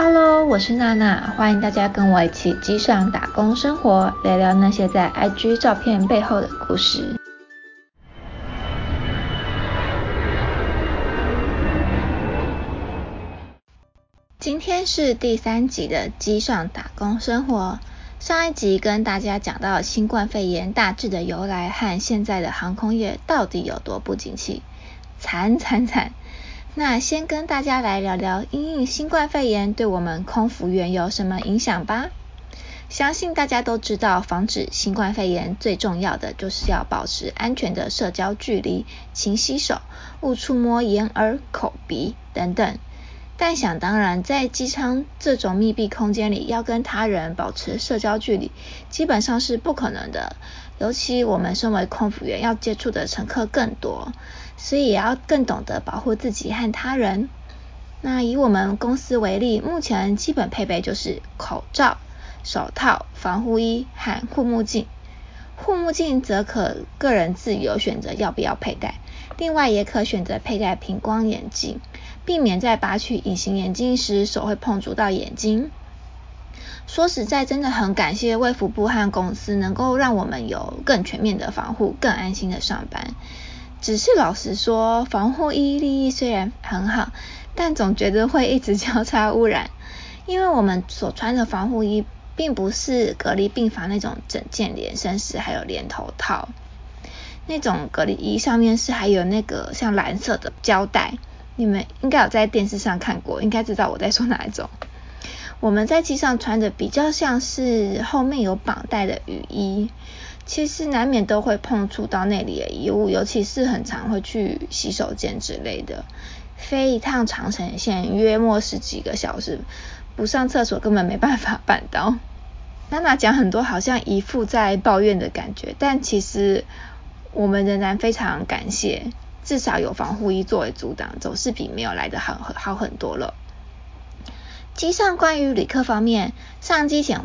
Hello，我是娜娜，歡迎大家跟我一起機上打工生活，聊聊那些在 IG 照片背後的故事。今天是第三集的機上打工生活。上一集跟大家講到新冠肺炎大致的由來和現在的航空業到底有多不景氣，慘慘慘。慘那先跟大家來聊聊，因應新冠肺炎對我們空服員有什麼影響吧？相信大家都知道，防止新冠肺炎最重要的就是要保持安全的社交距離，勤洗手，勿觸摸眼、耳、口、鼻等等。但想當然，在機艙這種密閉空間裡，要跟他人保持社交距離，基本上是不可能的。尤其我們身為空服員，要接觸的乘客更多，所以也要更懂得保護自己和他人。那以我們公司為例，目前基本配備就是口罩、手套、防護衣和護目鏡。護目鏡則可個人自由選擇要不要佩戴。另外也可選擇佩戴平光眼鏡，避免在拔取隱形眼鏡時手會碰觸到眼睛。說實在，真的很感謝衛福部和公司能夠讓我們有更全面的防護，更安心的上班。只是老實說，防護衣利益雖然很好，但總覺得會一直交叉污染，因為我們所穿的防護衣並不是隔離病房那種整件連身式，還有連頭套。那種隔離衣上面是還有那個像藍色的膠帶，你們應該有在電視上看過，應該知道我在說哪一種。我們在機上穿的比較像是後面有綁帶的雨衣，其實難免都會碰觸到那裡的衣物，尤其是很常會去洗手間之類的。飛一趟長程線約莫十幾個小時，不上廁所根本沒辦法辦到。娜娜講很多好像一副在抱怨的感覺，但其實。我們仍然非常感謝，至少有防護衣作為阻擋，走勢比沒有來的好好好很多了。機上關於旅客方面，上機前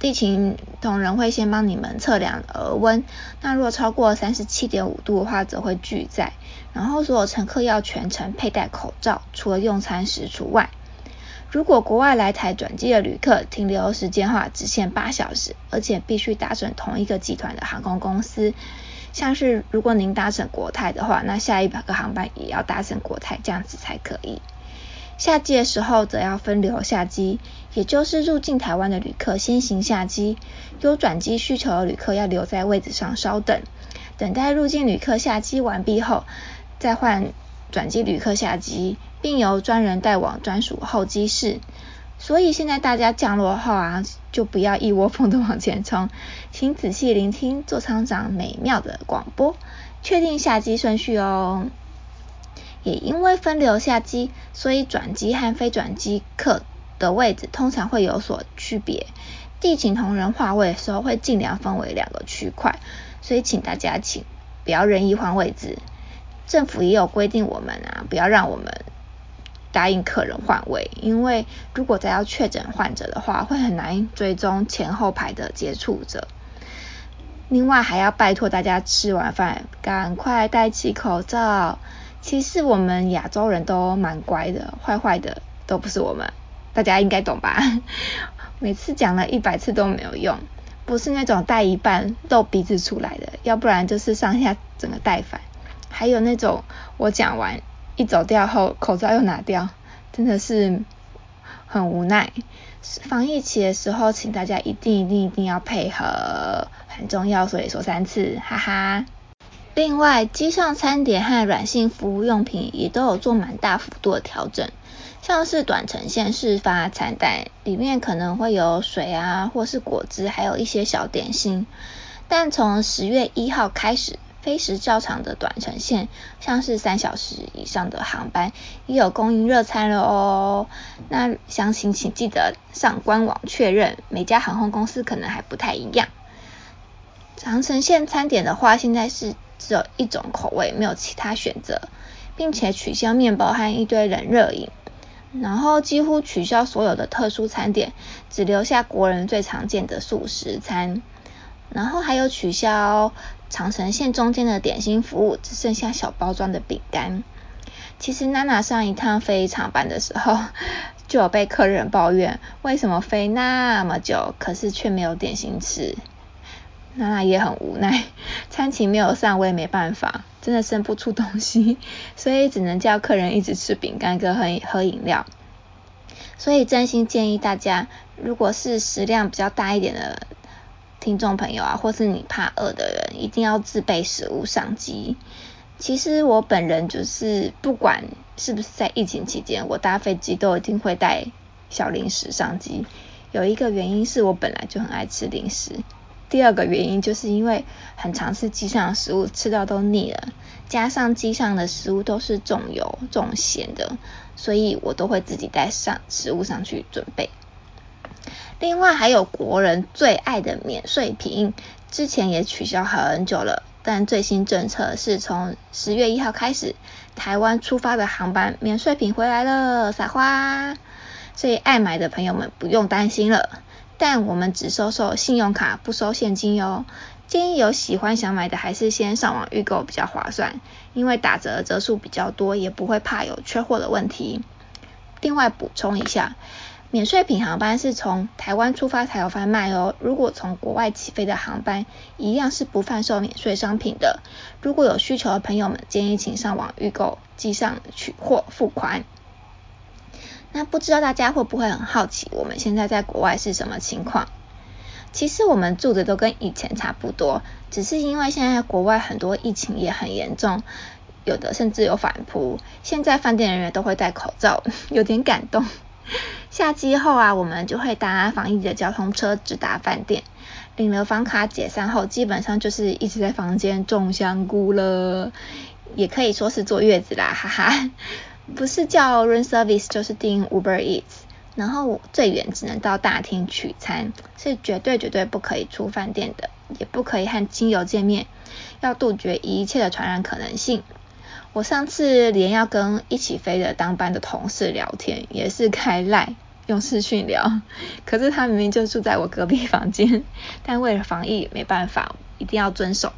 地勤同仁會先幫你們測量額溫，那若超過三十七點五度的話，則會拒載。然後所有乘客要全程佩戴口罩，除了用餐時除外。如果國外來台轉機的旅客停留時間的話，只限八小時，而且必須搭乘同一個集團的航空公司。像是如果您搭乘國泰的話，那下一百個航班也要搭乘國泰這樣子才可以。下機的時候則要分流下機，也就是入境台灣的旅客先行下機，有轉機需求的旅客要留在位子上稍等，等待入境旅客下機完畢後，再換轉機旅客下機。並由專人帶往專屬候機室，所以現在大家降落後啊，就不要一窩蜂的往前衝，請仔細聆聽座艙長美妙的廣播，確定下機順序哦。也因為分流下機，所以轉機和非轉機客的位置通常會有所區別。地勤同仁劃位的時候會尽量分為兩個區塊，所以請大家請不要任意換位置。政府也有規定我們啊，不要讓我們。答應客人換位，因為如果再要確診患者的話，會很難追蹤前後排的接觸者。另外還要拜托大家吃完飯趕快戴起口罩。其實我們亞洲人都蠻乖的，壞壞的都不是我們，大家應該懂吧？每次講了一百次都沒有用，不是那種戴一半露鼻子出來的，要不然就是上下整個戴反，還有那種我講完。一走掉後，口罩又拿掉，真的是很無奈。防疫期的時候，請大家一定一定一定要配合，很重要，所以說三次，哈哈。另外，機上餐點和軟性服務用品也都有做蠻大幅度的調整，像是短程線是發餐袋，裡面可能會有水啊，或是果汁，還有一些小點心。但從十月一號開始。飛時較長的短程線，像是三小時以上的航班，也有供應熱餐了哦。那詳情請記得上官網確認，每家航空公司可能還不太一樣。長程線餐點的話，現在是只有一種口味，沒有其他選擇，並且取消面包和一堆冷熱飲，然後幾乎取消所有的特殊餐點，只留下國人最常見的素食餐。然後還有取消長程線中間的點心服務，只剩下小包裝的餅乾。其實娜娜上一趟飛長班的時候，就有被客人抱怨，為什麼飛那麼久，可是卻沒有點心吃？娜娜也很無奈，餐前沒有上位，我也沒辦法，真的生不出東西，所以只能叫客人一直吃餅乾跟喝喝飲料。所以真心建議大家，如果是食量比較大一點的。聽眾朋友啊，或是你怕餓的人，一定要自備食物上機。其實我本人就是不管是不是在疫情期間，我搭飛機都一定會帶小零食上機。有一個原因是我本來就很愛吃零食，第二個原因就是因為很常吃機上的食物，吃到都膩了，加上機上的食物都是重油重鹹的，所以我都會自己帶上食物上去準備。另外還有國人最愛的免稅品，之前也取消很久了，但最新政策是從十月一號開始，台灣出發的航班免稅品回來了，撒花！所以愛買的朋友們不用擔心了，但我們只收受信用卡，不收現金喲。建議有喜歡想買的還是先上網預購比較划算，因為打折折數比較多，也不會怕有缺貨的問題。另外補充一下。免稅品航班是從台灣出發才有販賣哦，如果從國外起飛的航班，一樣是不販售免稅商品的。如果有需求的朋友們，建議請上網預購，機上取貨付款。那不知道大家會不會很好奇，我們現在在國外是什麼情況？其實我們住的都跟以前差不多，只是因為現在國外很多疫情也很嚴重，有的甚至有反撲。現在飯店人員都會戴口罩，有點感動。下機後啊，我們就會搭防疫的交通車直達飯店，領了房卡解散後，基本上就是一直在房間種香菇了，也可以說是坐月子啦，哈哈。不是叫 room service 就是訂 Uber Eats，然後最遠只能到大廳取餐，是絕對絕對不可以出飯店的，也不可以和親友見面，要杜絕一切的傳染可能性。我上次連要跟一起飛的當班的同事聊天，也是開賴用視訊聊。可是他明明就住在我隔壁房間，但為了防疫沒辦法，一定要遵守。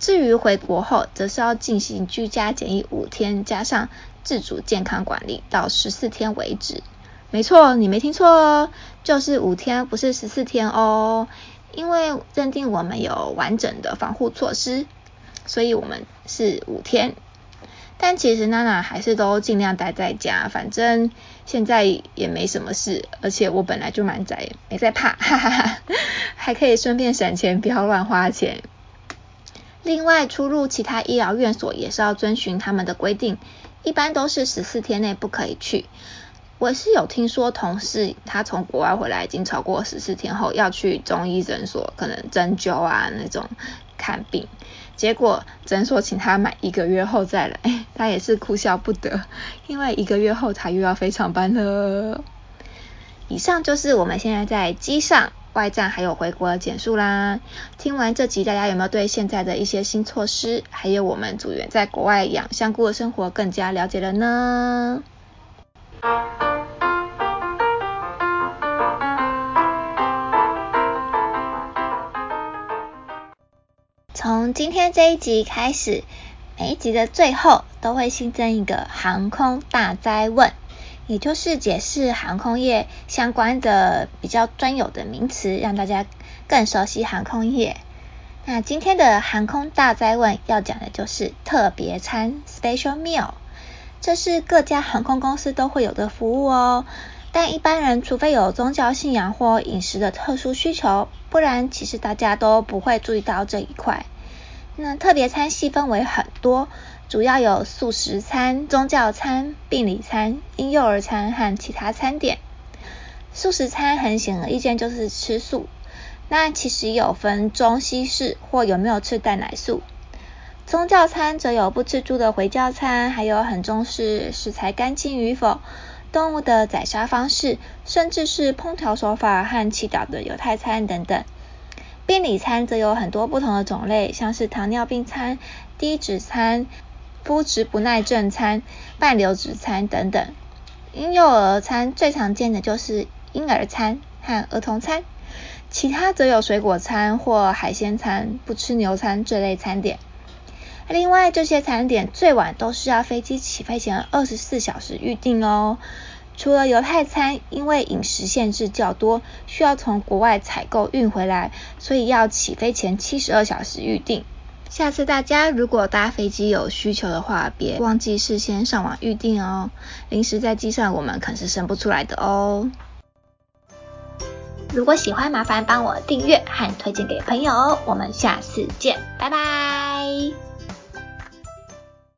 至於回國後，則是要進行居家檢疫五天，加上自主健康管理到十四天為止。沒錯，你沒聽錯哦，就是五天，不是十四天哦。因為認定我們有完整的防護措施，所以我們是五天。但其實娜娜還是都儘量待在家，反正現在也沒什麼事，而且我本來就蠻宅，沒在怕，哈哈哈,哈，還可以順便省錢，不要亂花錢。另外，出入其他醫療院所也是要遵循他們的規定，一般都是十四天內不可以去。我是有聽說同事他從國外回來已經超過十四天後要去中醫診所，可能針灸啊那種看病，結果診所請他滿一個月後再來。他也是哭笑不得，因為一個月後他又要飛常班了。以上就是我們現在在機上外站還有回國的簡述啦。聽完這集，大家有沒有對現在的一些新措施，還有我們組員在國外養香菇的生活更加了解了呢？從今天這一集開始，每一集的最後。都會新增一個航空大哉問，也就是解釋航空業相關的比較專有的名詞，讓大家更熟悉航空業。那今天的航空大哉問要講的就是特別餐 （Special Meal），這是各家航空公司都會有的服務哦。但一般人除非有宗教信仰或飲食的特殊需求，不然其實大家都不會注意到這一塊。那特別餐細分為很多。主要有素食餐、宗教餐、病理餐、嬰幼兒餐和其他餐點。素食餐很顯而易見，就是吃素，那其實有分中西式或有沒有吃蛋奶素。宗教餐則有不吃豬的回教餐，還有很重視食材乾淨與否、動物的宰殺方式，甚至是烹調手法和祈禱的猶太餐等等。病理餐則有很多不同的種類，像是糖尿病餐、低脂餐、不食不耐正餐、半流質餐等等。嬰幼兒餐最常見的就是嬰兒餐和兒童餐，其他則有水果餐或海鮮餐、不吃牛餐這類餐點。另外，這些餐點最晚都需要飛機起飛前二十四小時預訂哦。除了猶太餐，因為飲食限制較多，需要從國外採購運回來，所以要起飛前七十二小時預訂。下次大家如果搭飛機有需求的話，別忘記事先上網預訂哦。臨時在機上，我們可是生不出來的哦。如果喜歡，麻煩幫我訂閱和推薦給朋友哦。我們下次見，拜拜。